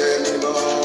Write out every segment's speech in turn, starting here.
anymore.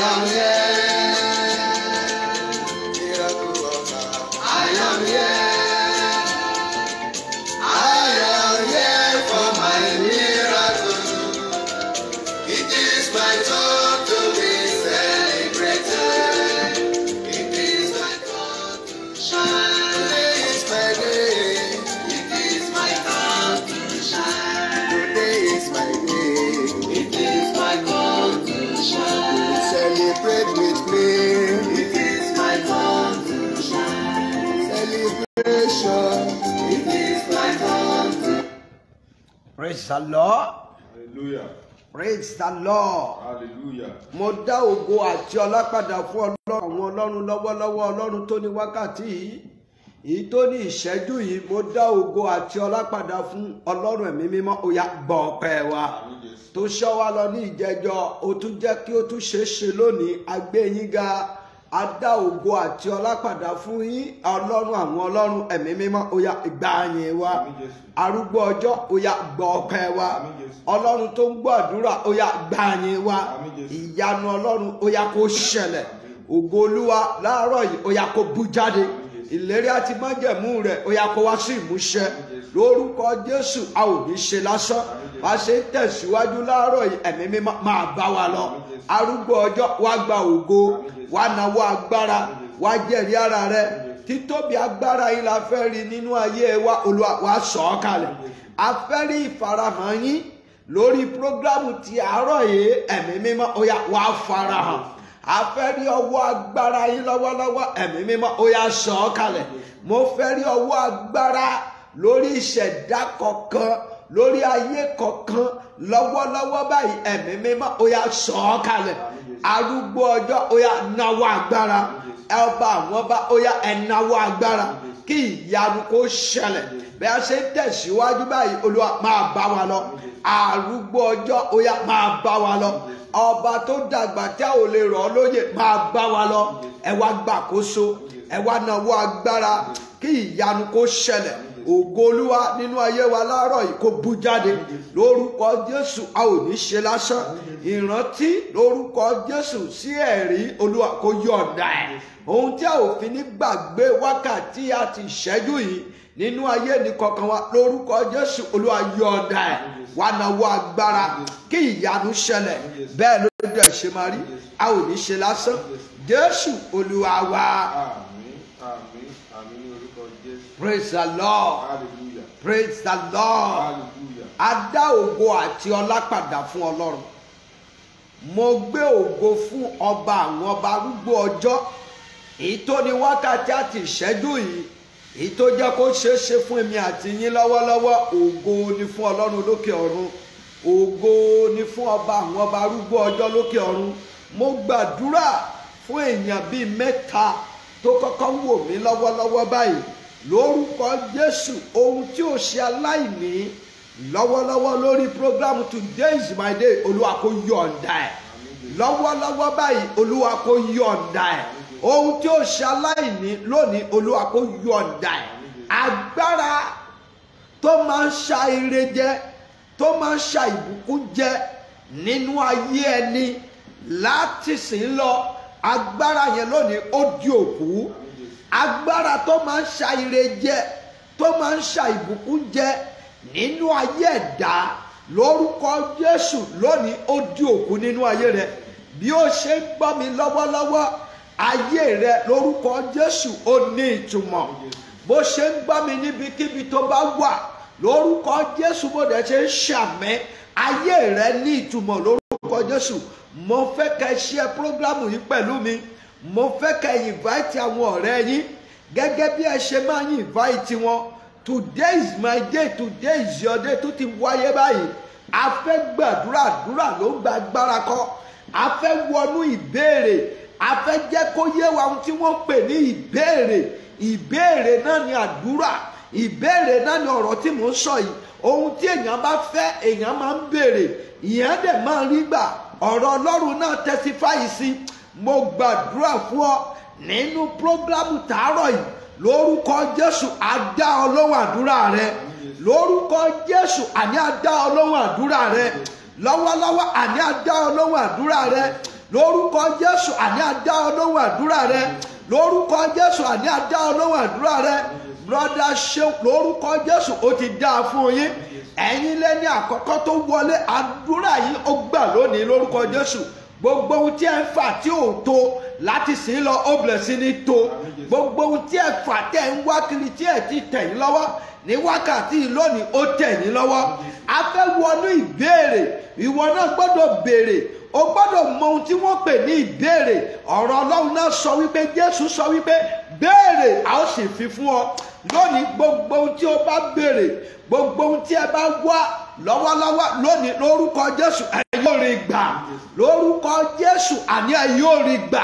Yeah. the Lord. Hallelujah. Praise the Lord. Hallelujah. Mo dá ògo àti ọlá padà fún ọlọ́run àwọn ọlọ́run lọ́wọ́lọ́wọ́ ọlọ́run tó ní wákàtí yìí. Èyí tó ní ìṣẹ́jú yìí mo dá ògo àti ọlá padà fún ọlọ́run ẹ̀mí mímọ́ òyà gbọ́ wa. Tó ṣọ́ wa lọ ní ìjẹjọ́, ó tún jẹ́ kí ó tún ṣeé ṣe lónìí, a ga a dá ògo àti ọlá padà fún yín ọlọ́run àwọn ọlọ́run ẹ̀mí mímọ́ oya gba yìn wa arúgbó ọjọ́ oya gbọ́ ọpẹ́ wa ọlọ́run tó ń gbọ́ àdúrà oya gba yìn wa ìyanu ọlọ́run oya kó ṣẹlẹ̀ ògo olúwa láàárọ̀ yìí oya kó bú jáde. Amen ìlérí àti májẹ̀mú rẹ̀ ó yá kó wá sí ìmúṣẹ lórúkọ Jésù a ò ní ṣe lásán wá ṣe ń tẹ̀síwájú láàárọ̀ yìí ẹ̀mí mi máa bá wa lọ arúgbó ọjọ́ wá gba ògo wá nawó agbára wá jẹ́rìí ara rẹ títóbi agbára yìí la fẹ́ rí nínú ayé wa Olúwa wá sọ̀ ọ́ kalẹ̀ a fẹ́ rí ìfarahàn yín lórí prógrámù ti àárọ̀ yìí ẹ̀mí mímọ́ ó yá wá farahàn a fẹ́ rí ọwọ́ agbára yín lọ́wọ́lọ́wọ́ ẹ̀mí mímọ́ ó yá sọ ọ́ kalẹ̀ mo fẹ́ rí ọwọ́ agbára lórí ìṣẹ̀dá kọ̀ọ̀kan lórí ayé kọ̀ọ̀kan lọ́wọ́lọ́wọ́ báyìí ẹ̀mí mímọ́ ó yá sọ ọ́ kalẹ̀ arúgbó ọjọ́ ó yá náwó agbára ọba àwọn ọba ó yá ẹ̀náwó agbára kí ìyanu kó ṣẹlẹ̀ bí a ṣe ń tẹ̀síwájú báyìí olúwa máa bá wa lọ arúgbó ọjọ́ ó yá máa bá wa lọ ọba tó dàgbà tí a ò lè rọ̀ ọ́ lóyè máa bá wa lọ ẹ wá gbàkóso ẹ wá náwó agbára kí ìyanu kó ṣẹlẹ̀ ògo olúwa nínú ayé wa láàárọ̀ yìí kó bú jáde lórúkọ jésù a ò ní ṣe lásán ìrántí lórúkọ jésù sí ẹ̀rí olúwa kó yọ̀ọ̀dà ẹ̀ ohun tí a ò fi ní gbàgbé wákàtí àti ìṣẹ́jú yìí nínú ayé nìkọ̀ọ̀kan wa lórúkọ Jésù Olúwa yọ ọ̀dà ẹ̀ wà náwó agbára kí ìyanu ṣẹlẹ̀ bẹ́ẹ̀ ló dẹ̀ ṣe máa rí a ò ní ṣe lásán Jésù Olúwa wa. Praise the Lord. Praise the Lord. Hallelujah. A dá ògo àti ọlá padà fún Ọlọ́run mo gbé ògo fún ọba àwọn ọba arúgbó ọjọ́ èyí tó ní wákàtí àti ìṣẹ́jú yìí èyí tó jẹ́ kó ṣeé ṣe fún èmi àti yín lọ́wọ́lọ́wọ́ ògo ni fún ọlọ́run lókè ọ̀run ògo ni fún ọba àwọn ọba arúgbó ọjọ́ lókè ọ̀run mo gbàdúrà fún èèyàn bíi mẹ́ta tó kọ́kọ́ wò mí lọ́wọ́lọ́wọ́ báyìí lórúkọ jésù ohun tí ò ṣe aláìní lọ́wọ́lọ́wọ́ lórí program today is my day olúwa kó yọ̀ǹda ẹ̀ lọ́wọ́lọ́wọ́ báyìí olúwa kó yọ̀ǹda ẹ̀ ohun tí ó ṣe aláìní lónìí olúwa kó yọ̀ǹda ẹ̀ agbára tó máa ń ṣa ire jẹ tó máa ń ṣa ìbùkún jẹ nínú ayé ẹni láti sìn lọ agbára yẹn lónìí ó di òkú agbára tó máa ń ṣa ire jẹ tó máa ń ṣa ìbùkún jẹ nínú ayé ẹ̀dá lórúkọ Jésù lónìí ó di òkú nínú ayé rẹ bí ó ṣe ń gbọ́ mi lọ́wọ́lọ́wọ́. ayé rẹ lórúkọ jésù ó ní ìtumọ̀ bó ṣe ń gbá mi níbikíbi tó bá wà lórúkọ jésù bó dẹ̀ ṣe ń ṣàmì ayé rẹ ní ìtumọ̀ lórúkọ jésù mo fẹ́ kẹ́ ṣe programu yìí pẹ̀lú mi mo fẹ́ kẹ́ invite àwọn ọ̀rẹ́ yín gẹ́gẹ́ bí ẹ ṣe máa ń invite wọn today is my day today is your day tó ti wáyé báyìí a fẹ́ gbàdúrà àdúrà ló gba agbára kọ́ a fẹ́ wọnú ìbéèrè a fẹ́ jẹ́ kó yé wa ohun tí wọ́n pè ní ìbéèrè ìbéèrè náà ni àdúrà ìbéèrè náà ni ọ̀rọ̀ tí mò sọ yìí ohun tí èèyàn bá fẹ́ èèyàn máa ń béèrè ìyẹn dẹ̀ máa rí gbà ọ̀rọ̀ ọlọ́run náà mo gbàdúrà fún ọ nínú prógrámù tàárọ̀ yìí lórúkọ jésù àdá àdúrà rẹ lórúkọ jésù àní àdúrà rẹ lọ́wọ́lọ́wọ́ àní àdá rẹ. lórúkọ jésù àní adá ọlọ́wọ́ àdúrà rẹ lórúkọ jésù àní adá ọlọ́wọ́ àdúrà rẹ brọ́dá ṣe lórúkọ jésù ó ti dá a fún yín ẹ̀yin lẹ́ni àkọ́kọ́ tó wọlé àdúrà yìí ó gbà lónìí lórúkọ jésù gbogbo ohun tí ẹ ń fà tí ò tó láti sìn lọ ó bẹ̀rẹ̀ sí ní tó gbogbo ohun tí ẹ fà tẹ̀ ń wá kiri tí ẹ ti tẹ̀ yín lọ́wọ́ ní wákàtí lónìí ó tẹ̀ yín lọ́wọ́ a wọnú ìbéèrè ìwọ náà gbọ́dọ̀ béèrè o gbọ́dọ̀ mọ ohun tí wọ́n pè ní ìbéèrè ọ̀rọ̀ ọlọ́run náà sọ wípé jésù sọ wípé béèrè a ó sì fi fún ọ lónìí gbogbo ohun tí o bá béèrè gbogbo ohun tí ẹ bá wá lọ́wọ́lọ́wọ́ lónìí lórúkọ jésù ẹ yóò rí gbà lórúkọ jésù àní ẹ yóò rí gbà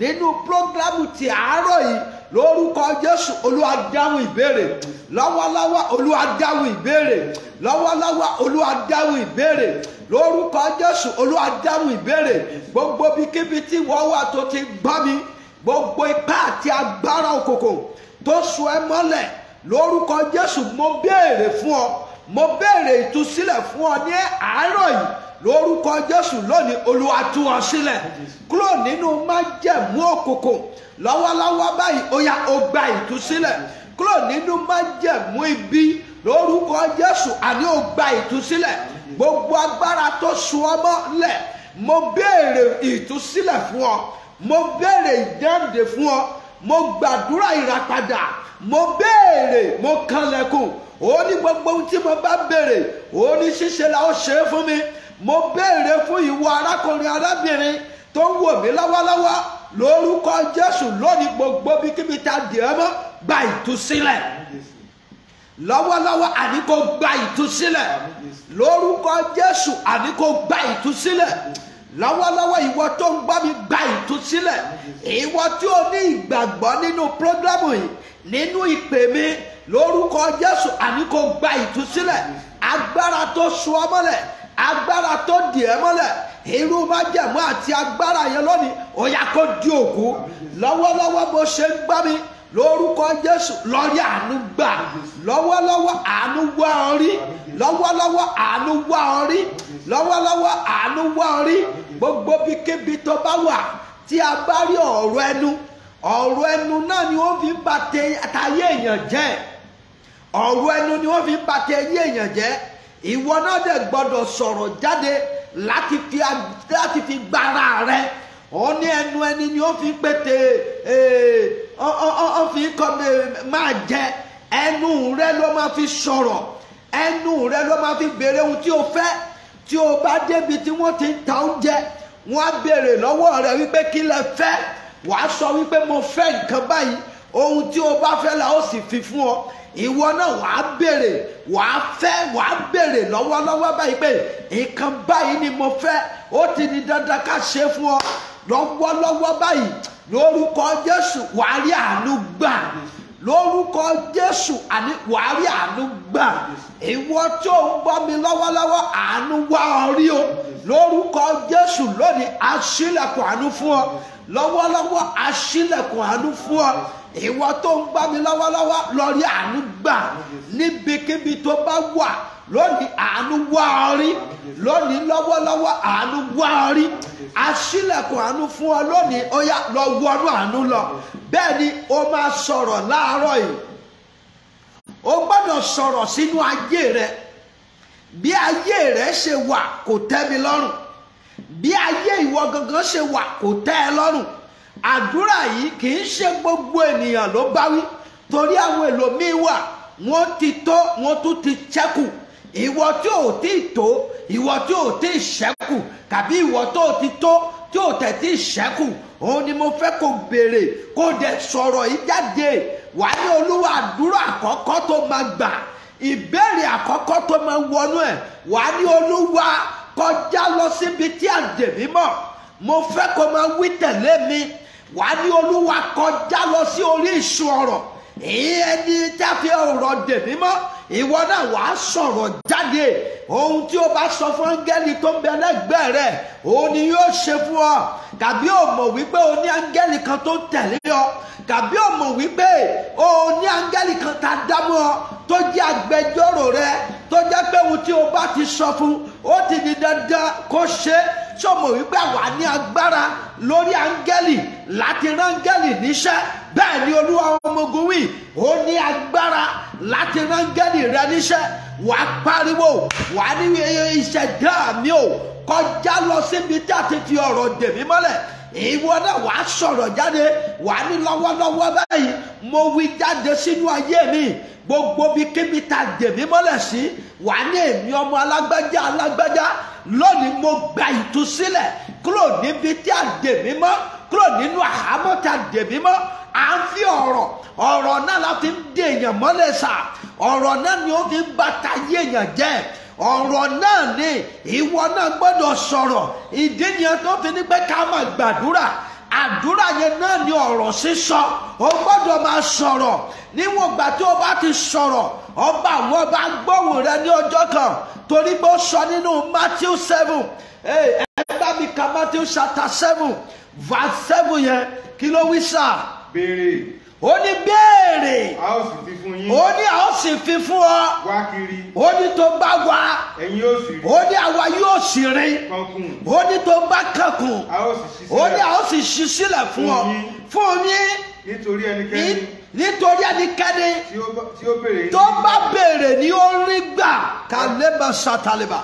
nínú prógrámù ti àárọ̀ yìí lórúkọ jésù olúwa dáhùn ìbéèrè lọ́wọ́lọ́wọ́ olúwa dáhùn ìbéèrè lọ́wọ́lọ́wọ́ olúwa dáhùn ìbéèrè lórúkọ jésù olúwa dáhùn ìbéèrè gbogbo ibikíbi tí wọ́n wà tó ti gbọ́ mi gbogbo ipá àti agbára òkùnkùn tó so ẹ mọ́lẹ̀ lórúkọ jésù mo béèrè fún ọ mo béèrè ìtúsílẹ̀ fún ọ ní àárọ̀ yìí lórúkọ jésù lónìí olúwa tú ọ sílẹ̀ kúrò nínú májẹ̀mú òkùnkùn lọ́wọ́lọ́wọ́ báyìí ó yá ó gba ìtúsílẹ̀ kúrò nínú májẹ̀mú ibi lórúkọ Jésù àní ó gba ìtúsílẹ̀ gbogbo agbára tó sun ọmọ lẹ̀ mo béèrè ìtúsílẹ̀ fún ọ mo béèrè ìdáǹdè fún ọ mo gbàdúrà ìràpadà mo béèrè mo kanlẹ̀kùn ó gbogbo tí mo bá béèrè ó ṣíṣe la ó ṣe é fún mi mo béèrè fún ìwọ arákùnrin arábìnrin tó ń wò mí lọ́wọ́lọ́wọ́ lórúkọ jésù lónìí gbogbo bí kíbi ta dì ẹ́ mọ́ gba ìtúsílẹ̀ lọ́wọ́lọ́wọ́ àní kò gba ìtúsílẹ̀ lórúkọ jésù àní kò gba ìtúsílẹ̀ lọ́wọ́lọ́wọ́ ìwọ tó ń gbọ́ mi gba ìtúsílẹ̀ ìwọ tí o ní ìgbàgbọ́ nínú prógrámù yìí nínú ìpè mi lórúkọ jésù àní kò gba ìtúsílẹ̀ agbára tó sọ ọmọlẹ̀ agbára tó dì ẹ́ mọ́lẹ̀ irú májẹ̀mú àti agbára yẹn lónìí ó yá kó di òkú lọ́wọ́lọ́wọ́ bó ṣe ń gbá mi lórúkọ jésù lọ́rí àánú gbà lọ́wọ́lọ́wọ́ àánú wá ọ rí lọ́wọ́lọ́wọ́ àánú wá ọ rí lọ́wọ́lọ́wọ́ àánú wá ọ rí gbogbo bíkíbi tó bá wà tí a bá rí ọ̀rọ̀ ẹnu ọ̀rọ̀ ẹnu náà ni wọ́n fi ń ba tayé èèyàn jẹ́ ọ̀rọ̀ ẹnu ni wọ́n fi ń ba tayé èèyàn jẹ́ ìwọ náà dẹ̀ gbọ́dọ̀ sọ̀rọ̀ jáde láti fi láti fi gbára rẹ ó ní ẹnu ẹni ni ó fi pété eh, ó fi kọ́ eh, máa jẹ ẹnu rẹ ló máa fi sọ̀rọ̀ ẹnu rẹ ló máa fi béèrè ohun tí o fẹ́ tí o bá débi tí wọ́n ti ń ta oúnjẹ wọ́n á béèrè lọ́wọ́ rẹ wípé kí lẹ fẹ́ wàá sọ wípé mo fẹ́ nǹkan báyìí ohun tí o bá fẹ́ la ó sì fi fún ọ ìwọ náà wàá béèrè wàá fẹ́ wàá béèrè lọ́wọ́lọ́wọ́ báyìí pé nǹkan báyìí ni mo fẹ́ ó ti ní dandan ká ṣe fún ọ lọ́wọ́lọ́wọ́ báyìí lórúkọ Jésù wàá rí àánú gbà lórúkọ Jésù àní wàá rí àánú gbà ìwọ tí ò ń bọ́ mi lọ́wọ́lọ́wọ́ àánú wá ọ rí o lórúkọ Jésù lónìí aṣílẹ̀kùn àánú fún ọ lọ́wọ́lọ́wọ́ aṣílẹ̀kùn àánú fún ọ ìwọ tó ń gbá mi lọ́wọ́lọ́wọ́ lọ rí àánú gbà níbikíbi tó bá wà lónìí àánú wá ọ rí lónìí lọ́wọ́lọ́wọ́ àánú wá ọ rí aṣílẹ̀kùn àánú fún ọ lónìí ó yá lọ wọnú àánú lọ bẹ́ẹ̀ ni o máa sọ̀rọ̀ láàárọ̀ yìí o gbọ́dọ̀ sọ̀rọ̀ sínú ayé rẹ bí ayé rẹ ṣe wà kò tẹ́ mi lọ́rùn bí ayé ìwọ gangan ṣe wà kò tẹ́ ẹ lọ́rùn àdúrà yìí kì í ṣe gbogbo ènìyàn ló bá wí torí àwọn èlòmíì wà wọ́n ti tó wọ́n tún ti ṣẹ́kù ìwọ tí ò tí ì tó ìwọ tí ò tí ì ṣẹ́kù tàbí ìwọ tó ti tó tí ò tẹ̀ tí ì ṣẹ́kù òun ni mo fẹ́ kó béèrè kó dẹ̀ sọ̀rọ̀ yìí jáde wàá olúwa àdúrà àkọ́kọ́ tó máa gbà ìbéèrè àkọ́kọ́ tó máa wọnú ẹ̀ wàá olúwa kọjá lọ síbi tí àdèmí mọ̀ mo fẹ́ kó máa wí tẹ̀lé mi wàá ní olúwa kọjá lọ sí orí ìsun ọ̀rọ̀ ẹni táfi ọ̀rọ̀ dè mí mọ́ ìwọ náà wàá sọ̀rọ̀ jáde ohun tí o bá sọ fún áńgẹ́lì tó ń bẹ lẹ́gbẹ̀ẹ́ rẹ̀ òun ni yóò ṣe fún ọ tàbí o mọ̀ wípé o ní áńgẹ́lì kan tó tẹ̀lé ọ tàbí o mọ̀ wípé o ní áńgẹ́lì kan tá a dámọ́ ọ tó jẹ́ agbẹjọ́rò rẹ tó jẹ́ pé ohun tí o bá ti sọ fún ó ti di dandan kó ṣe sọmọ wípé àwa ní agbára lórí áńgẹ́lì láti rángẹ́lì níṣẹ́ bẹ́ẹ̀ ni olúwa ọmọ ogun wí ó ní agbára láti rángẹ́lì rẹ níṣẹ́ wàá pariwo wàá ní iṣẹ́ dáa mi kọjá lọ síbi tí a ti fi ọ̀rọ̀ dè mọ́lẹ̀ ìwọ náà wàá sọ̀rọ̀ jáde wàá ní lọ́wọ́lọ́wọ́ báyìí mo wí jáde sínú ayé mi gbogbo bí kíbi ta dèmí mọ́lẹ̀ sí wàá ní èmi ọmọ alágbájá alágbájá lónìí mo gba ìtúsílẹ̀ kúrò níbi tí a dèmí mọ́ kúrò nínú àhámọ́ tí a dèmí mọ́ à ń fi ọ̀rọ̀ ọ̀rọ̀ náà la fi ń dè èèyàn mọ́lẹ̀ sà ọ̀rọ̀ náà ni ó fi ń bàtà yé èèyàn jẹ́ ọ̀rọ̀ náà ni ìwọ náà gbọ́dọ̀ sọ̀rọ̀ ìdí nìyẹn tó fi ní pé ká máa gbàdúrà àdúrà yẹn náà ni ọ̀rọ̀ sísọ o gbọ́dọ̀ máa sọ̀rọ̀ níwọ̀n ìgbà tí o bá ti sọ̀rọ̀ ọba àwọn ọba gbóhùn rẹ ní ọjọ́ kan torí pé ó sọ nínú Matthew seven ẹgbẹ́ mi ka Matthew chapter seven verse seven yẹn kí ló wí sáà. béèrè ó ní béèrè a ó sì fi fún yín ó ní a ó sì fi fún ọ ó ní tó bá wá ó ní àwa yóò sì rí kankun ó ní tó bá kankun ó ní a ó sì ṣí sílẹ̀ fún ọ fún yín nítorí ẹnikẹ́ni tó bá béèrè ni ó rí gbà kàlẹ́bà sàtàlẹ́bà.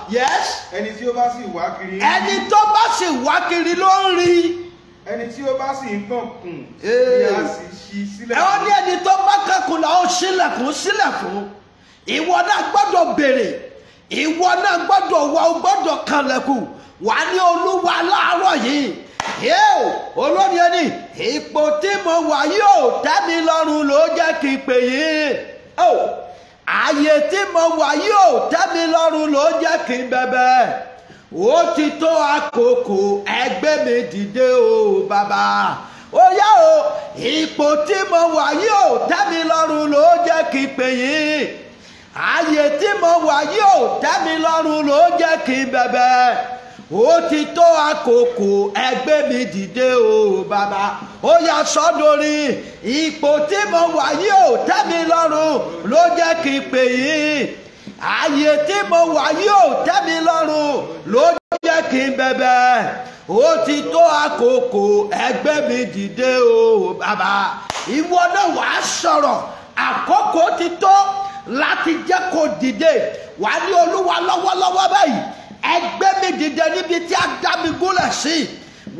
ẹni tí ó bá kiri ẹni tó bá sì wá kiri ló ń rí ẹni tí ó bá sì ń kànkùn ni a sì ṣí sílẹ̀ fún. ó ní ẹni tó bá kànkùn la ó ṣílẹ̀kùn sílẹ̀ fún ìwọ náà gbọ́dọ̀ béèrè ìwọ náà gbọ́dọ̀ wá o gbọ́dọ̀ kànlẹ̀kùn wà ní olúwa láàárọ̀ yìí yóò olórí ẹni ipò tí mo wà yóò tẹ́ mi lọ́rùn ló jẹ́ kí n pè yìí ààyè tí mo wà yóò tẹ́ mi lọ́rùn ló jẹ́ kí n bẹ̀bẹ̀ ó ti tó àkókò ẹgbẹ́ mi dìde o bàbá ó yá o ipò tí mo wà yìí ò tẹ́ mi lọ́rùn ló jẹ́ kí n pè yín ààyè tí mo wà yìí ò tẹ́ mi lọ́rùn ló jẹ́ kí n bẹ̀bẹ̀ ó ti tó àkókò ẹgbẹ́ mi dìde o bàbá ó yá sọ́dọ̀rí ipò tí mo wà yìí ò tẹ́ mi lọ́rùn ló jẹ́ kí n pè yín ààyè tí mo wà yóò tẹ́ mi lọ́rùn ló jẹ́ kí n bẹ̀bẹ̀ ó ti tó àkókò ẹgbẹ́ mi dìde o bàbá ìwọ náà wàá sọ̀rọ̀ àkókò ti tó láti jẹ́ kó dìde wàá ní olúwa lọ́wọ́lọ́wọ́ báyìí ẹgbẹ́ mi dìde níbi tí a dá mi gúnlẹ̀ sí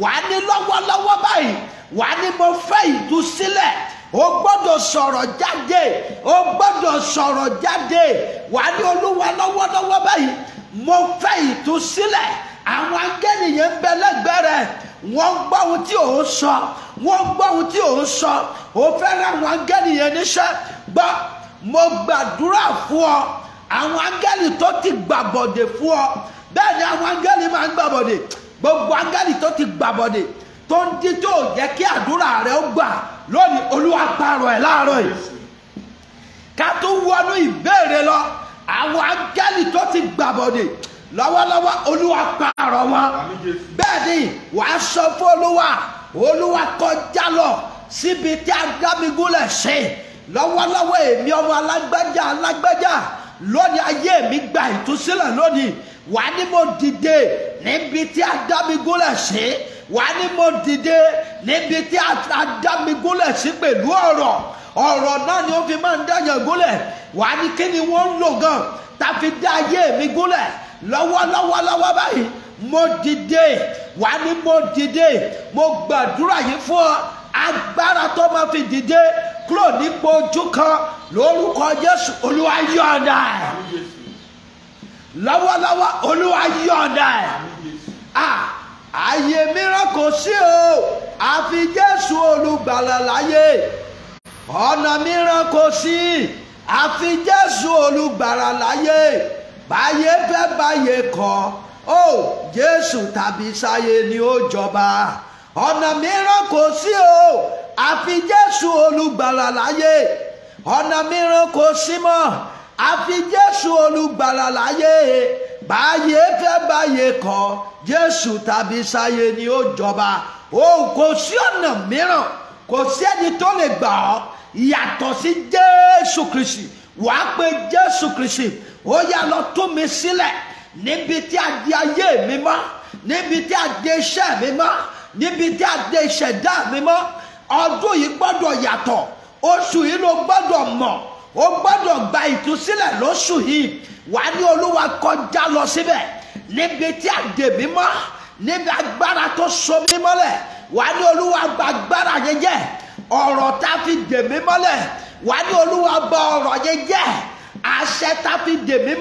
wàá ní lọ́wọ́lọ́wọ́ báyìí wàá ní mo fẹ́ ìtúsílẹ̀ o gbọ́dọ̀ sọ̀rọ̀ jáde o gbọ́dọ̀ sọ̀rọ̀ jáde wàá ní olúwa lọ́wọ́lọ́wọ́ báyìí mo fẹ́ ìtúsílẹ̀ àwọn angẹ́lì yẹn ń bẹ lẹ́gbẹ̀ẹ́ rẹ̀ wọ́n ń gbọ́ ohun tí ò ń sọ wọ́n ń gbọ́ ohun tí ò ń sọ o fẹ́ rán àwọn angẹ́lì yẹn níṣẹ́ gbọ́ mo gbàdúrà fún ọ àwọn angẹ́lì tó ti gbàbọ̀dè fún ọ bẹ́ẹ̀ ni àwọn angẹ́lì máa ń gbàbọ̀dè gbogbo angẹ́lì tó ti gbàbọ̀dè tó ń dín tó yẹ kí àdúrà rẹ ó gbà lónìí olúwa pààrọ̀ ẹ̀ láàárọ̀ yìí ká tó wọnú ìbéèrè lọ àwọn áńgẹ́lì tó ti gbàbọ̀dè lọ́wọ́lọ́wọ́ olúwa pààrọ̀ wọn bẹ́ẹ̀ ni wàá sọ fún olúwa olúwa kọjá lọ síbi tí adámigúnlẹ̀ ṣe lọ́wọ́lọ́wọ́ èmi ọmọ alágbájá alágbájá lónìí ayé mi gba ìtúsílẹ̀ lónìí wàá ní mo dìde níbi tí adámigúnlẹ̀ ṣe wàá ní mo dìde níbi tí adámigúnlẹ̀ sí pẹ̀lú ọ̀rọ̀ ọ̀rọ̀ náà ni ó fi máa ń dáyàn gúnlẹ̀ wàá ní kí ni wọ́n ń lò gan tá dá ayé mi gúnlẹ̀ lọ́wọ́lọ́wọ́lọ́wọ́ báyìí mo dìde wàá ní mo dìde mo gbàdúrà yìí fún ọ agbára tó máa fi dìde kúrò nípò ojú kan lórúkọ Jésù Olúwa yọ̀ǹda ẹ̀ lọ́wọ́lọ́wọ́ Olúwa yọ̀ǹda ẹ̀ ah ààyè mìíràn kò sí o àfi Jésù olùgbàlà láyé ọ̀nà mìíràn kò sí àfi Jésù olùgbàlà láyé báyé fẹ́ báyé kọ́ ó Jésù tàbí sáyé ni ó jọba ọ̀nà mìíràn kò sí o àfi Jésù olùgbàlà láyé ọ̀nà mìíràn kò sí mọ́ àfi Jésù olùgbàlà láyé báyé fẹ́ báyé kọ́ jésù tàbí sáyé ni ó jọba òun kò sí ọ̀nà mìíràn kò sí ẹni tó lè gbà ọ́ yàtọ̀ sí jésù kristi wàá pe jésù kristi ó yá lọ tú mi sílẹ̀ níbi tí a di ayé mi mọ́ níbi tí a di iṣẹ́ mi mọ́ níbi tí a ìṣẹ̀dá mi mọ́ ọdún yìí gbọ́dọ̀ yàtọ̀ oṣù yìí ló gbọ́dọ̀ mọ̀ ó gbọ́dọ̀ gba ìtúsílẹ̀ lóṣù yìí wàá ní olúwa kọjá lọ síbẹ̀ níbi tí àdè mímọ́ níbi agbára tó so mí mọ́lẹ̀ wàá ní olúwa gba agbára yẹn ọ̀rọ̀ tá a fi dè mí wàá ní olúwa ba ọ̀rọ̀ yẹn àṣẹ tá a fi dè mí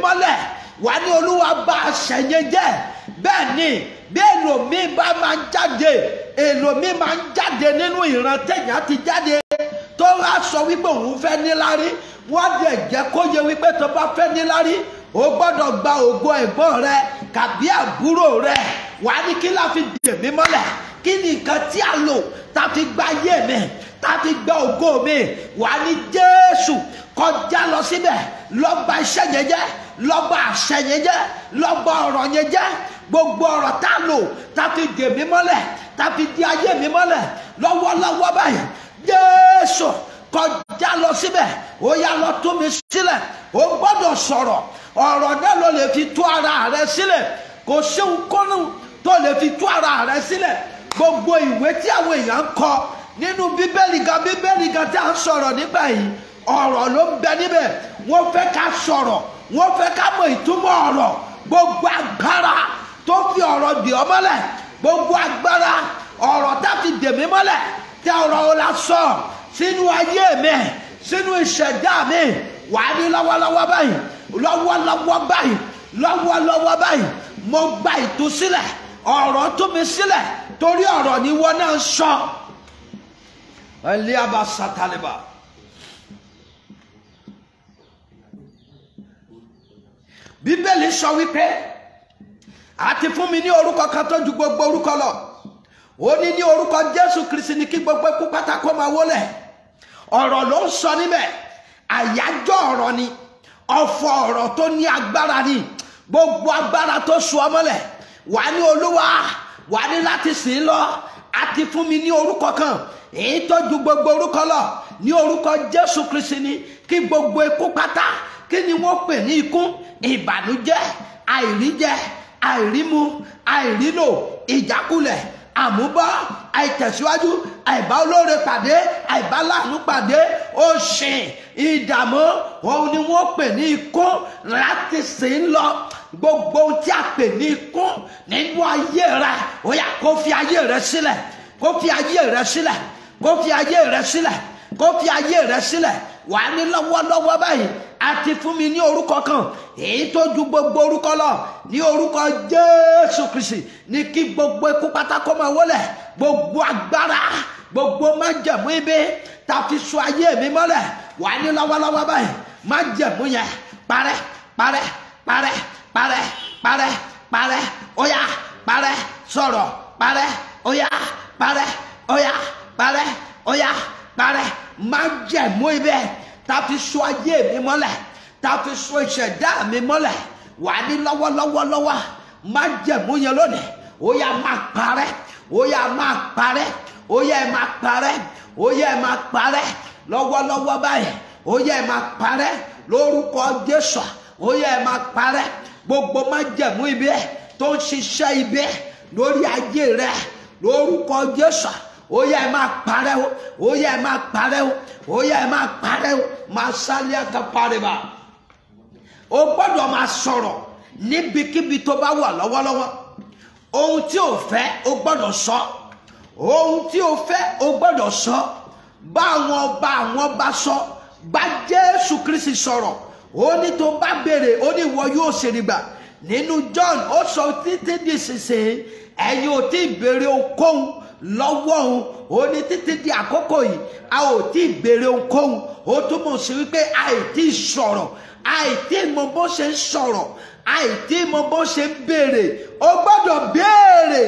wàá ní olúwa ba àṣẹ yẹn bẹ́ẹ̀ ni bí èlò mi bá máa jáde èlò mi máa jáde nínú ìran tẹ̀yàn ti jáde tó wá sọ wípé òun fẹ́ níláárí wọ́n dẹ̀ jẹ́ kó yẹ wípé tó bá fẹ́ níláárí o gbọ́dọ̀ gba ògo ẹ̀gbọ́n rẹ kàbí àbúrò rẹ wàá ní kí la dè mí mọ́lẹ̀ kí ni nǹkan tí a lò ta fi gba ayé mi ta fi gba ògo mi wàá ní Jésù kọjá lọ síbẹ̀ lọ́gba iṣẹ́ yẹn jẹ́ lọ́gba àṣẹ yẹn jẹ́ lọ́gba ọ̀rọ̀ yẹn jẹ́ gbogbo ọ̀rọ̀ tá a lò ta fi dè mí mọ́lẹ̀ ta fi di ayé mi mọ́lẹ̀ lọ́wọ́lọ́wọ́ báyìí jésù kọjá lọ síbẹ̀ ó yá lọ tú mi sílẹ̀ ó gbọ́dọ̀ sọ̀rọ̀ ọ̀rọ̀ náà ló lè fi tú ara rẹ sílẹ̀ kò séwu kọ́nù tó lè fi tú ara rẹ sílẹ̀ gbogbo ìwé tí àwọn èèyàn ń kọ nínú bíbélì gan bíbélì gan tí a ń sọ̀rọ̀ nígbà yìí ọ̀rọ̀ ló ń bẹ níbẹ̀ wọ́n fẹ́ ká sọ̀rọ̀ wọ́n fẹ́ ká mọ ìtumọ̀ ọ̀rọ̀ gbogbo agbára tó fi ọ̀rọ̀ dì ọ́ mọ́lẹ̀ gbogbo agbára ọ̀rọ̀ tá fi dè mọ́lẹ̀ tẹ ọ̀rọ̀ o la sọ sínú ayé mi sínú ìṣẹ̀dá mi wàá ní lọ́wọ́lọ́wọ́ báyìí lọ́wọ́lọ́wọ́ báyìí lọ́wọ́lọ́wọ́ báyìí mo gba ìtúsílẹ̀ ọ̀rọ̀ tú mi sílẹ̀ torí ọ̀rọ̀ ni wọ́n náà sọ. eliaba sataliba. bíbélì sọ wípé àti fún mi ní orúkọ kan tó ju gbogbo orúkọ lọ ó ní ní orúkọ jésù kristi ni kí gbogbo ikú pátákó máa wólẹ̀ ọ̀rọ̀ ló ń sọ níbẹ̀ àyájọ́ ọ̀rọ̀ ni ọ̀fọ̀ ọ̀rọ̀ tó ní agbára ni gbogbo agbára tó sọ ọmọlẹ̀ wà ní olúwa wà ní láti sìn lọ àti fún mi ní orúkọ kan èyí tó ju gbogbo orúkọ lọ ní orúkọ jésù kristi ni kí gbogbo ikú pátá kí ni wọ́n pè ní ikú ìbànújẹ́ àìríjẹ àìrímu àìrílò ìjákulẹ̀ àmúbọ́ àìtẹ̀síwájú àìbá olóore pàdé àìbá láàánú pàdé òṣìn ìdààmú òun ni wọ́n pè ní ikú láti sìn ń lọ gbogbo ohun tí a pè ní ikú nínú ayé rẹ ó yá kó fi ayé rẹ sílẹ̀ kó fi ayé rẹ sílẹ̀ kó fi ayé rẹ sílẹ̀ kó fi ayé rẹ sílẹ̀ wàá ní lọ́wọ́lọ́wọ́ báyìí àti fún mi ní orúkọ kan èyí tó ju gbogbo orúkọ lọ ní orúkọ jésù kristi ní kí gbogbo ikú pátákó máa wọlé gbogbo agbára gbogbo májẹ̀mú ibi tá a fi so ayé mi mọ́lẹ̀ wà ní lọ́wọ́lọ́wọ́ báyìí májẹ̀mú yẹn parẹ́ parẹ́ parẹ́ parẹ́ parẹ́ parẹ́ ó yá parẹ́ sọ̀rọ̀ parẹ́ ó yá parẹ́ ó yá parẹ́ ó ibi tá a fi sọ ayé mi mọ́lẹ̀ tá a fi sọ ìṣẹ̀dá mi mọ́lẹ̀ wà ní lọ́wọ́lọ́wọ́lọ́wọ́ má jẹ̀mú yẹn lónìí ó yá máa parẹ́ ó yá máa parẹ́ ó yá ẹ máa parẹ́ ó yá máa parẹ́ lọ́wọ́lọ́wọ́ báyìí ó yá máa parẹ́ lórúkọ Jésù ó yá máa parẹ́ gbogbo má jẹ̀mú ibi tó ń ṣiṣẹ́ ibi lórí ayé rẹ lórúkọ Jésù ó yá ẹ máa parẹ́ o ó yá ẹ máa parẹ́ o ó yá ẹ máa parẹ́ o máa sálẹ̀ àti pariba o gbọ́dọ̀ máa sọ̀rọ̀ níbikíbi tó bá wà lọ́wọ́lọ́wọ́ ohun tí o fẹ́ o gbọ́dọ̀ sọ ohun tí o fẹ́ o gbọ́dọ̀ sọ bá àwọn ọba àwọn ọba sọ bá Jésù Kristi sọ̀rọ̀ ó ní tó bá béèrè ó ní ìwọ yóò ṣe nígbà nínú John ó sọ títí di ìsinsìnyí ẹ̀yin ò tí ì béèrè ohunkóhun lọ́wọ́ òun ó ní títí di àkókò yìí a ò tí ì béèrè ohunkóhun ó túmọ̀ sí wípé àìtí sọ̀rọ̀ àìtí mọ bó ṣe ń sọ̀rọ̀ àìtí mọ bó ṣe ń béèrè o gbọ́dọ̀ béèrè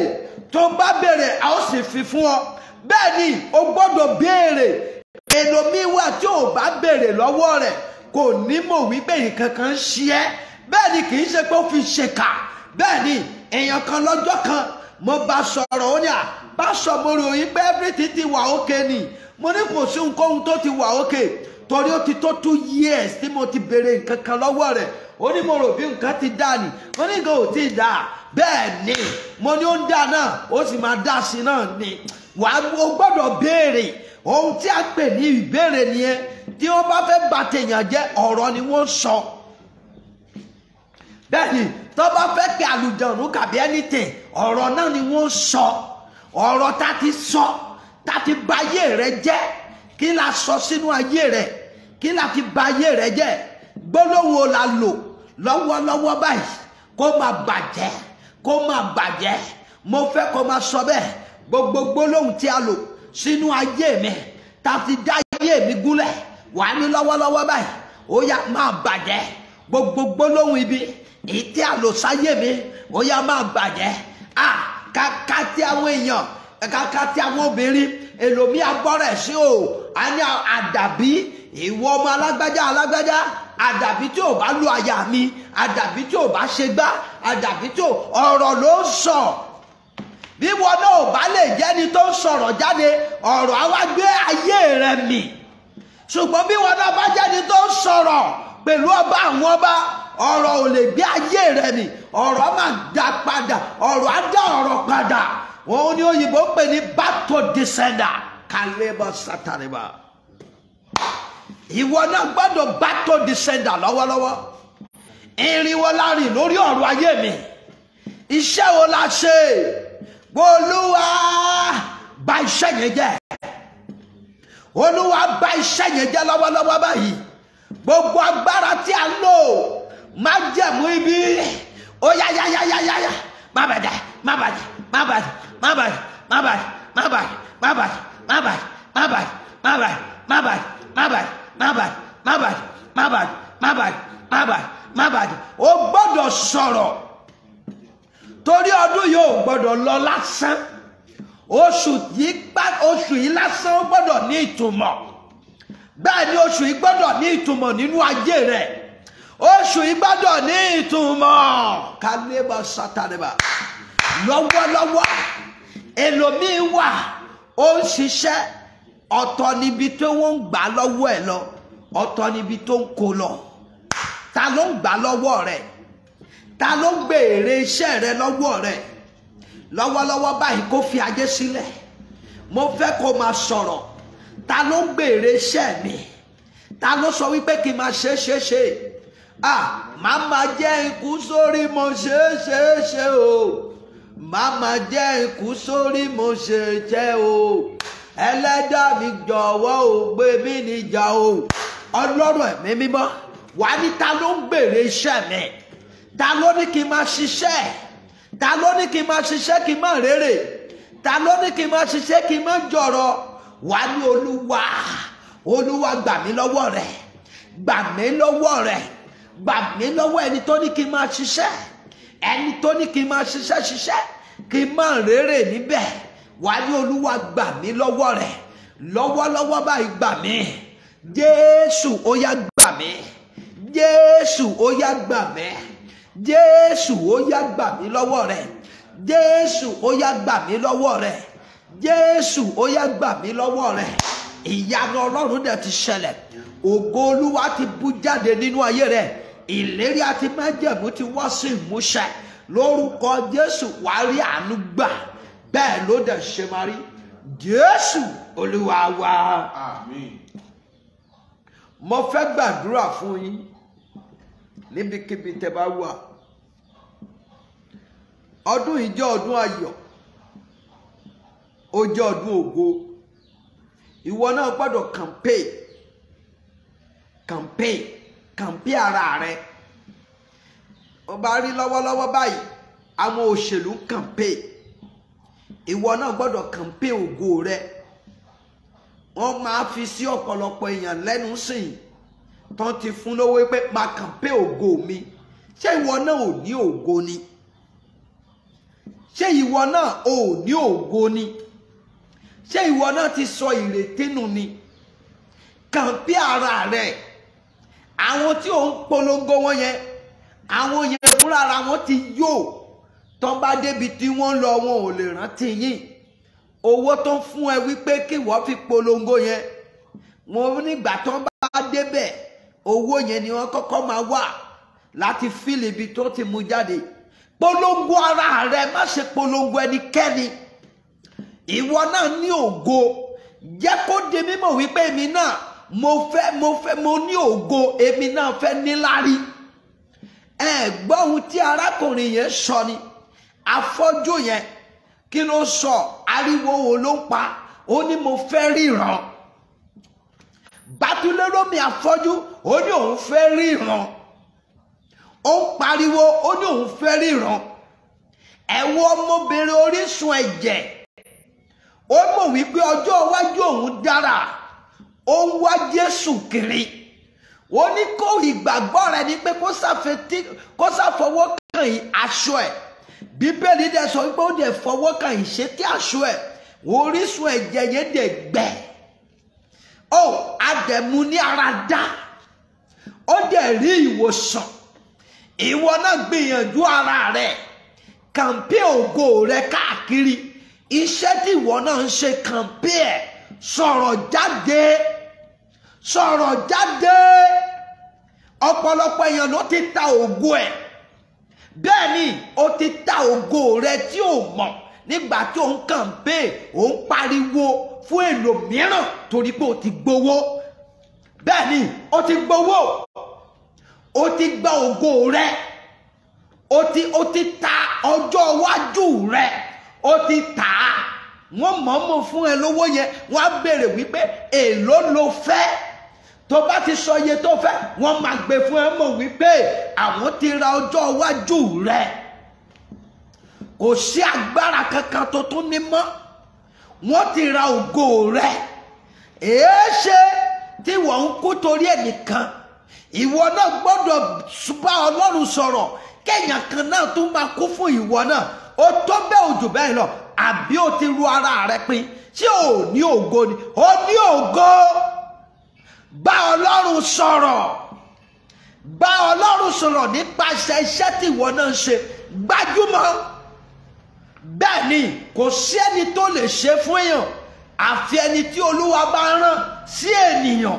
tó bá béèrè a ó sì fi fún ọ bẹ́ẹ̀ ni o gbọ́dọ̀ béèrè ẹlòmíín wà tí ò bá béèrè lọ́wọ́ rẹ̀ kò ní mọ̀ wípé nǹkan kan ń ṣe ẹ́ bẹ́ẹ̀ ni kì í ṣe pé ó fi ṣèkà bẹ́ẹ̀ ni èèyàn kan lọ́jọ́ kan mo bá sọ̀rọ̀ ó ní bá sọ mo ròyìn pé everything ti wà òkè ni mo ní kò sí nǹkan tó ti wà òkè torí ó ti tó two years tí mo ti béèrè nǹkan kan lọ́wọ́ rẹ̀ ó ní mo rò bí nǹkan ti dà ní mo ní nǹkan ò tí ì dà bẹ́ẹ̀ ni mo ní ó ń dà náà ó sì máa dà sí náà ni wàá o gbọ́dọ̀ béèrè ohun tí a pè ní ìbéèrè nìyẹn tí wọ́n bá fẹ́ bà jẹ́ ọ̀rọ̀ ni wọ́n sọ. So bẹ́ẹ̀ ni tó bá fẹ́ pé àlùjọ̀nù kàbí anything ọ̀rọ̀ náà ni wọ́n sọ ọ̀rọ̀ tá ti sọ tá ti ba ayé rẹ jẹ́ kí la sọ sínú ayé rẹ kí la ti ba ayé rẹ jẹ́ gbólóhùn o la lò lọ́wọ́lọ́wọ́ báyìí kó máa bàjẹ́ kó máa bàjẹ́ mo fẹ́ kó máa sọ bẹ́ẹ̀ gbogbo gbólóhùn tí a lò sínú ayé mi tá ti dá ayé mi gúnlẹ̀ wà ní lọ́wọ́lọ́wọ́ báyìí ó yá máa bàjẹ́ gbogbo gbólóhùn ibi ìdí àlòsáyé mi ó yá máa bàjẹ́ à kàkà tí àwọn èèyàn kàkà tí àwọn obìnrin èlòmí agbọ́rẹ̀ sí o a ní àdàbí ìwọ ọmọ alágbájá alágbájá àdàbí tí ò bá lu àyà mi àdàbí tí ò bá ṣe gbá àdàbí tí ò ọ̀rọ̀ ló ń sọ bí wọn náà ò bá lè jẹ́ni tó ń sọ̀rọ̀ jáde ọ̀rọ̀ àwa gbé ayé rẹ mì ṣùgbọ́n bí wọn náà bá jẹ́ni tó ń sọ̀rọ̀ pẹ̀lú ọba àwọn ọba ọ̀rọ̀ ò lè gbé ayé rẹ mi ọ̀rọ̀ máa dá padà ọ̀rọ̀ á dá ọ̀rọ̀ padà òun ni òyìnbó ń pè ní back to the sender kàlébọ̀ sátàrìbà ìwọ náà gbọ́dọ̀ back to the sender lọ́wọ́lọ́wọ́ ìrìnwó lárin lórí ọ̀rọ̀ ayé mi iṣẹ́ wo la ṣe olúwa bà iṣẹ́ yẹn jẹ́ olúwa bà iṣẹ́ yẹn jẹ́ lọ́wọ́lọ́wọ́ báyìí gbogbo agbára tí a lò májẹ̀mú ibi ó yá yá yá yá yá yá má bàjẹ́ má bàjẹ́ má bàjẹ́ má bàjẹ́ má bàjẹ́ má bàjẹ́ má bàjẹ́ má bàjẹ́ má bàjẹ́ má bàjẹ́ má bàjẹ́ má bàjẹ́ má bàjẹ́ má bàjẹ́ má bàjẹ́ má bàjẹ́ má bàjẹ́ má bàjẹ́ ó gbọ́dọ̀ sọ̀rọ̀ torí ọdún yóò gbọ́dọ̀ lọ lásán oṣù yìí lásán ó gbọ́dọ̀ ní ìtumọ̀ bẹ́ẹ̀ ni oṣù yìí gbọ́dọ̀ ní ìtumọ̀ nínú ajé rẹ̀ oṣù ìgbádùn ní ìtumọ̀ kálíbà sátánìbà lọ́wọ́lọ́wọ́ ẹlòmíín wà ó ń ṣiṣẹ́ ọ̀tọ̀ níbi tó ń gbà lọ́wọ́ ẹ̀ lọ ọ̀tọ̀ níbi tó ń kó lọ ta ló ń gbà lọ́wọ́ rẹ̀ ta ló ń gbèrè iṣẹ́ rẹ̀ lọ́wọ́ rẹ̀ lọ́wọ́lọ́wọ́ báyìí kó fi ajé sílẹ̀ mo fẹ́ kó máa sọ̀rọ̀ ta ló ń gbèrè iṣẹ́ mi ta ló sọ wípé kí n máa ṣe é ṣe é ṣe é màmá jẹ́ ikú sórí mo ṣe é ṣe é ṣe o màmá jẹ́ ikú sórí mo ṣe é ṣe o ẹlẹ́dà mi jọ̀wọ́ ò gbé mi níjà o ọlọ́run ẹ̀mí mímọ́ wà á ní ta ló ń gbèrè iṣẹ́ mi ta ló ní kí n máa ṣiṣẹ́ ta ló ní kí n máa ṣiṣẹ́ kí n máa rere ta ló ní kí n máa ṣiṣẹ́ kí n máa jọ̀rọ̀ wà á ní olúwa olúwa gbà mí lọ́wọ́ rẹ̀ gbà mí lọ́wọ́ rẹ̀ gbà mí lọ́wọ́ ẹni tó ní kí n máa ṣiṣẹ́ ẹni tó ní kí n máa ṣiṣẹ́ ṣiṣẹ́ kí n máa rèrè níbẹ̀ wáyé olúwa gbà mí lọ́wọ́ rẹ̀ lọ́wọ́lọ́wọ́ báyìí gbà mí jésù ó yá gbà mí jésù ó yá gbà mí jésù ó yá gbà mí lọ́wọ́ rẹ̀ jésù ó yá gbà mí lọ́wọ́ rẹ̀ jésù ó yá gbà mí lọ́wọ́ rẹ̀ ìyanu ọlọ́run dẹ̀ ti ṣẹlẹ̀ ògo olúwa ti bú jáde nínú ayé rẹ ìlérí àti májẹ̀mú ti wá sí ìmúṣẹ lórúkọ jésù wàá rí àánú gbà bẹ́ẹ̀ ló dẹ̀ ṣe máa rí jésù olúwa wa mo fẹ́ gbàdúrà fún yín níbikíbi tẹ́ bá wà ọdún yìí jẹ́ ọdún ayọ̀ ó jẹ́ ọdún ògo ìwọ náà gbọ́dọ̀ campaign campaign campaign ara rẹ ó bá rí lọ́wọ́lọ́wọ́ báyìí àwọn òṣèlú campaign ìwọ náà gbọ́dọ̀ campaign ògo rẹ wọ́n máa fi sí ọ̀pọ̀lọpọ̀ èèyàn lẹ́nu sìn tán ti fún lówó pé máa campaign ògo mi ṣé ìwọ náà ò ní ògo ni ṣé ìwọ náà ò ní ògo ni ṣé ìwọ náà ti sọ ìrètí nù ni campaign ara rẹ àwọn tí òun polongo wọn yẹn àwọn yẹn fúnra ara wọn ti yó tán bá débi tí wọ́n ń lọ wọn ò lè rántí yín owó tó ń fún ẹ wípé kí wọ́n fi polongo yẹn mo nígbà tán bá débẹ̀ owó yẹn ni wọ́n kọ́kọ́ máa wà láti fíìlì ibi tó ti mú jáde polongo ara rẹ má ṣe polongo ẹnikẹ́ni ìwọ náà ní ògo jẹ́ kó di mímọ̀ wípé èmi náà mo fẹ́ mo fẹ́ mo ní ògo èmi náà fẹ́ níláárí ẹ gbọ́ ohun tí arákùnrin yẹn sọ ni afọ́jú yẹn kí ló sọ ariwo wo ló ń pa ó ní mo fẹ́ ríran bátúlérọ́mì afọ́jú ó ní òun fẹ́ ríran ó ń pariwo ó ní òun fẹ́ ríran ẹ̀wọ́ ọmọbìnrin orísun ẹ̀jẹ̀ ó mọ̀ wípé ọjọ́ iwájú òun dára ó ń wá Jésù kiri ó ní kó ìgbàgbọ́ rẹ ni pé kó ṣàfetí kó ṣàfọwọ́ kàn yín aṣọ ẹ̀ bíbélì dẹ̀ sọ wípé ó dẹ̀ fọwọ́ kàn yín ṣe tí aṣọ ẹ̀ orísun ẹ̀jẹ̀ yẹn dẹ̀ gbẹ ó adẹ̀mú ní ara dá ó dẹ̀ rí ìwòsàn ìwọ náà gbìyànjú ara rẹ kàǹpé ògo rẹ káàkiri iṣẹ́ tí ìwọ náà ń ṣe kàǹpé ẹ̀ sọ̀rọ̀ jáde sọ̀rọ̀ jáde ọ̀pọ̀lọpọ̀ èèyàn ló ti ta ògo ẹ̀ bẹ́ẹ̀ ni o ti ta ògo rẹ tí o mọ̀ nígbà tí o ń kàn pé o ń pariwo fún ẹlòmíràn torí pé o ti gbowó bẹ́ẹ̀ ni o ti gbowó o ti gba ògo rẹ o ti o ti ta ọjọ́ iwájú rẹ o ti tà á wọ́n mọ̀ọ́mọ̀ fún ẹ lówó yẹn wọ́n á béèrè wípé èló lo fẹ́ tó bá ti sọ iye tó fẹ́ wọ́n máa gbé fún ẹ mọ̀ wípé àwọn ti ra ọjọ́ iwájú rẹ kò sí agbára kankan tó tún mọ́ wọ́n ti ra ògo rẹ èé ṣe tí wọ́n ń kú torí ẹnìkan ìwọ náà gbọ́dọ̀ bá ọlọ́run sọ̀rọ̀ kéèyàn kan náà tún máa kú fún ìwọ náà ó tó bẹ́ẹ̀ òjò bẹ́ẹ̀ lọ àbí ó ti ru ara rẹ pin ṣé ò ní ògo ni ó ní ògo bá ọlọ́run sọ̀rọ̀ bá ọlọ́run sọ̀rọ̀ nípasẹ̀ iṣẹ́ tí ìwọ náà ń ṣe gbajúmọ̀ bẹ́ẹ̀ ni kò sí ẹni tó lè ṣe fún èèyàn àfi ẹni tí olúwa bá rán sí ènìyàn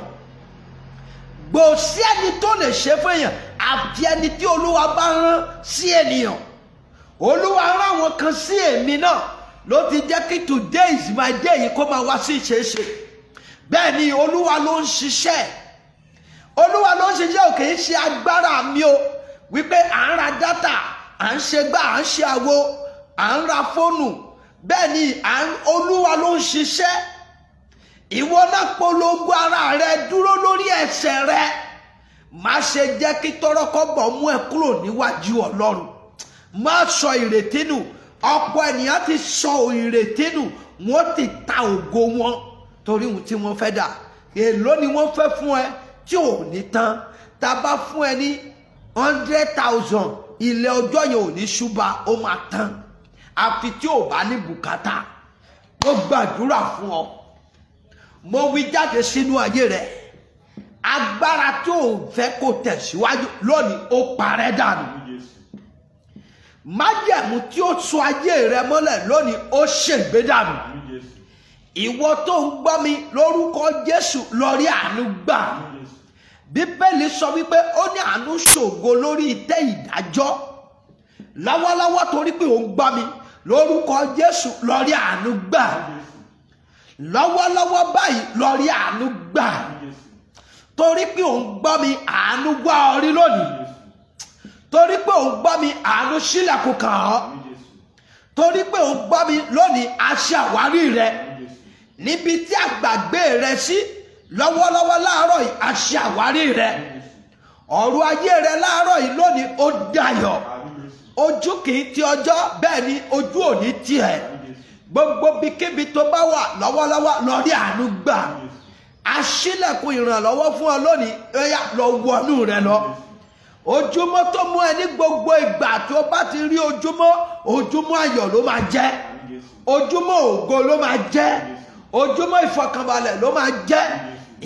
gbò sí ẹni tó lè ṣe fún èèyàn àfi ẹni tí olúwa bá rán sí ènìyàn olúwa rán àwọn kan sí èmi náà ló ti jẹ́ kí today is my day yìí kó máa wá sí ìṣeéṣe bẹ́ẹ̀ ni olúwa ló ń ṣiṣẹ́ olúwa ló ń ṣiṣẹ́ ò kì í ṣe agbára mi o wípé à ń ra dátà à ń ṣe gbá à ń ṣe àwo à ń ra fóònù bẹ́ẹ̀ ni olúwa ló ń ṣiṣẹ́ ìwọ náà polongo ara rẹ dúró lórí ẹsẹ̀ rẹ má ṣe jẹ́ kí tọ́rọ́kọ́bọ̀ mú ẹ kúrò níwájú ọlọ́run má sọ ìrètí nù ọ̀pọ̀ ènìyàn ti sọ ìrètí nù wọ́n ti ta ògo wọn torí ohun tí wọ́n fẹ́ dà èló ni wọ́n fẹ́ fún ẹ tí ò ní tán tá a bá fún ẹ ní hundred thousand ilẹ̀ ọjọ́ yẹn ò ní ṣúba ó máa tán àfi tí ò bá ní bùkátà mo gbàdúrà fún ọ mo wí jáde sínú ayé rẹ agbára tí ò fẹ́ kó tẹ̀síwájú lónìí ó parẹ́ dànù májẹ̀mú tí ó so ayé rẹ mọ́lẹ̀ lónìí ó ṣègbè dànù ìwọ tó ń gbọ́ mi lórúkọ jésù lọ rí àánú gbà bíbélì sọ wípé ó ní àánú ṣògo lórí ìtẹ́ ìdájọ́ lọ́wọ́lọ́wọ́ torí pé ó ń gbọ́ mi lórúkọ jésù lọ rí àánú gbà lọ́wọ́lọ́wọ́ báyìí lọ rí àánú gbà torí pé ò ń gbọ́ mi àánú gbá ọ rí lónìí torí pé ò ń gbọ́ mi àánú ṣílẹ̀kùn kàn ọ́ torí pé ò ń gbọ́ mi lónìí aṣàwárí rẹ̀ níbi tí àgbàgbé rẹ sí lọ́wọ́lọ́wọ́ láàárọ̀ yìí a ṣe àwárí rẹ ọ̀rọ̀ ayé rẹ láàárọ̀ yìí lónìí ó dayọ̀ ojú kì í ti ọjọ́ bẹ́ẹ̀ ni ojú ò ní tiẹ̀ gbogbo bikíbi tó bá wà lọ́wọ́lọ́wọ́ lọ rí àánú gbà a ṣílẹ̀kùn ìrànlọ́wọ́ fún ọ lónìí ẹ̀yà lọ wọnú rẹ lọ ojúmọ́ tó mú ẹ ní gbogbo ìgbà tó bá ti rí ojúmọ́ ojúmọ́ ayọ̀ ló máa jẹ́ ojúmọ́ ògo ló máa jẹ́ ojúmọ́ ìfọkànbalẹ̀ ló máa jẹ́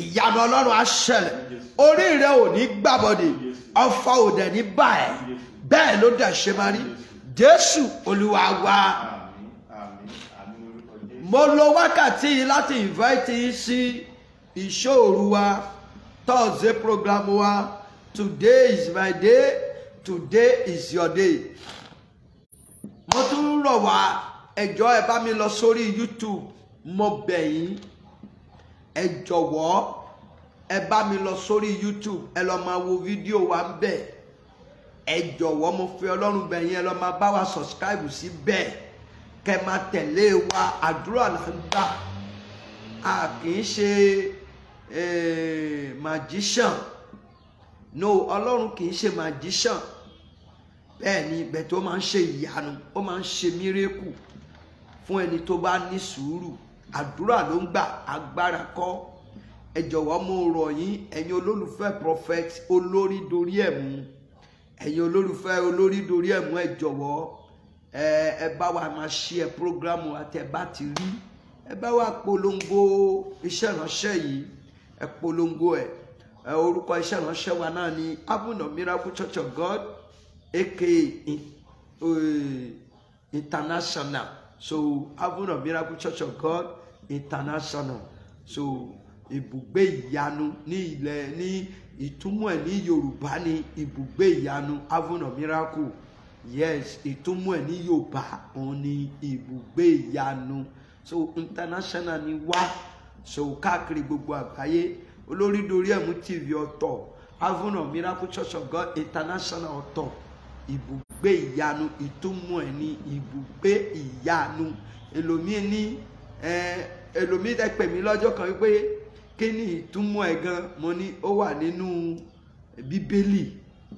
ìyanu ọlọ́run á ṣẹlẹ̀ orí rẹ ò ní gbàbọ̀dẹ̀ ọfà ò dẹ̀ ní bà ẹ́ bẹ́ẹ̀ ló dẹ̀ ṣe máa rí jésù olúwa wa mo lo wákàtí yìí láti invite yín sí ìṣòro wa thursday program wa today is my day today is your day mo tún rọ̀ wá ẹjọ́ ẹ bá mi lọ sórí youtube mo bẹ̀ yín ẹ jọ̀wọ́ ẹ bá mi lọ sórí YouTube ẹ lọ máa wo fídíò wa bẹ̀ ẹ jọ̀wọ́ mo fi ọlọ́run bẹ̀ yín ẹ lọ máa bá wa subscribe sí bẹ́ẹ̀ kẹ máa tẹ̀lé wa àdúrà là ń gbà a kì í ṣe magician no ọlọ́run kì í ṣe magician bẹ́ẹ̀ ni bẹ̀tẹ̀ ó máa ń ṣe ìyanu ó máa ń ṣe mírèkù fún ẹni tó bá ní sùúrù àdúrà ló ń gbà agbára kọ́ ẹ jọ̀wọ́ mo rọ̀ yín ẹ̀yin olólùfẹ́ prophet olórí dorí ẹ̀ mú ẹ̀yin olólùfẹ́ olórí dorí ẹ̀ mú ẹ jọ̀wọ́ ẹ bá wa máa ṣe ẹ prógrámù àtẹ̀bá ti rí ẹ bá wa polongo iṣẹ́ ìránṣẹ́ yìí ẹ polongo ẹ orúkọ iṣẹ́ ìránṣẹ́ wa náà ni abuna miracle church of god aka eh, international so abuna miracle church of god international so ibùgbé ìyanu ní ilẹ̀ ní ìtumọ̀ ẹ̀ ní yorùbá ní ibùgbé ìyanu haven miracle yes ìtumọ̀ ẹ̀ ní yorùbá òun ní ibùgbé ìyanu so international ni wá so káàkiri gbogbo àgbáyé olórí dorí ẹ̀mú tv ọ̀tọ̀ haven miracle church of god international ọ̀tọ̀ ibùgbé ìyanu ìtumọ̀ ẹ̀ ní ibùgbé ìyanu ẹlòmíín ní ẹ. Eh, ẹlòmíì tẹ pè mí lọ́jọ́ kan wípé kí ìtumọ̀ ẹ̀ gan mo ní ó wà nínú bíbélì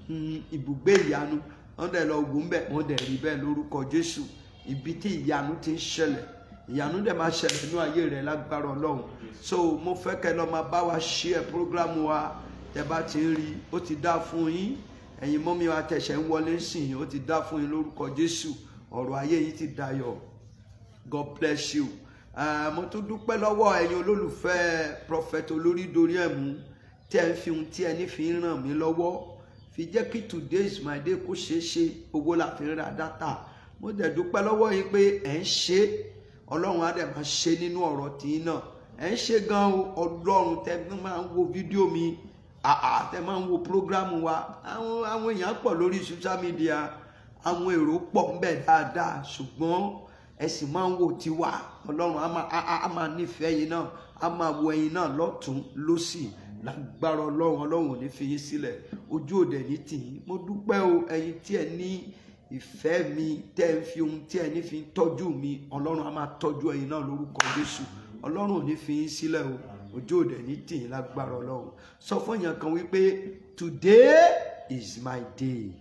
hmm, ibùgbé ìyanu wọn dẹ̀ lọ wò ń bẹ̀ wọn dẹ̀ rí bẹ́ẹ̀ lórúkọ Jésù ibi tí ìyanu ti ń ṣẹlẹ̀ ìyanu dẹ̀ máa ṣẹlẹ̀ nínú ayé rẹ̀ lágbára Ọlọ́run so mo fẹ́ kẹ́ lọ́ọ́ máa bá wa share program wa tẹ́ bá ti ń rí ó ti dá fún yín ẹ̀yin mọ́mí wa tẹ̀sẹ̀ ń wọlé sìn yín ó ti dá fún yín lórúkọ Jésù ọ̀rọ̀ ayé yìí ti dayọ̀ God bless you mo tún dúpẹ́ lọ́wọ́ ẹ̀yin olólùfẹ́ prophet Olórídoríẹ̀mú tí ẹ ń fi ohun tí ẹni fi ń ràn mí lọ́wọ́ fi jẹ́ kí today is my day kó ṣeé ṣe owó la fi ń ra data mo dẹ̀ dúpẹ́ lọ́wọ́ yín pé ẹ̀ ń ṣe ọlọ́run á dẹ̀ máa ṣe nínú ọ̀rọ̀ tìyín náà ẹ̀ ń ṣe gan ọlọ́run tẹ́ máa ń wo fídíò mi àtẹ máa ń wo prógrámù wa àwọn èèyàn pọ̀ lórí social media àwọn èrò pọ̀ ń bẹ dáadáa ṣùgbọ́n ẹ máa ń wò tiwa ọlọ́run á máa nífẹ̀ẹ́ yín náà á máa wo ẹyin náà lọ́tún lọ́sì lágbára ọlọ́run ọlọ́run ò ní fi yín sílẹ̀ ojú òde ní tìyín mo dúpẹ́ o ẹyin tí ẹ ní ìfẹ́ mi tẹ́ ẹ fi ohun tí ẹ ní fi tọ́jú mi ọlọ́run á máa tọ́jú ẹyin náà lórúkọ jésù ọlọ́run ò ní fi yín sílẹ̀ o ojú òde ní tìyín lágbára ọlọ́run sọ fún èèyàn kan wípé today is my day.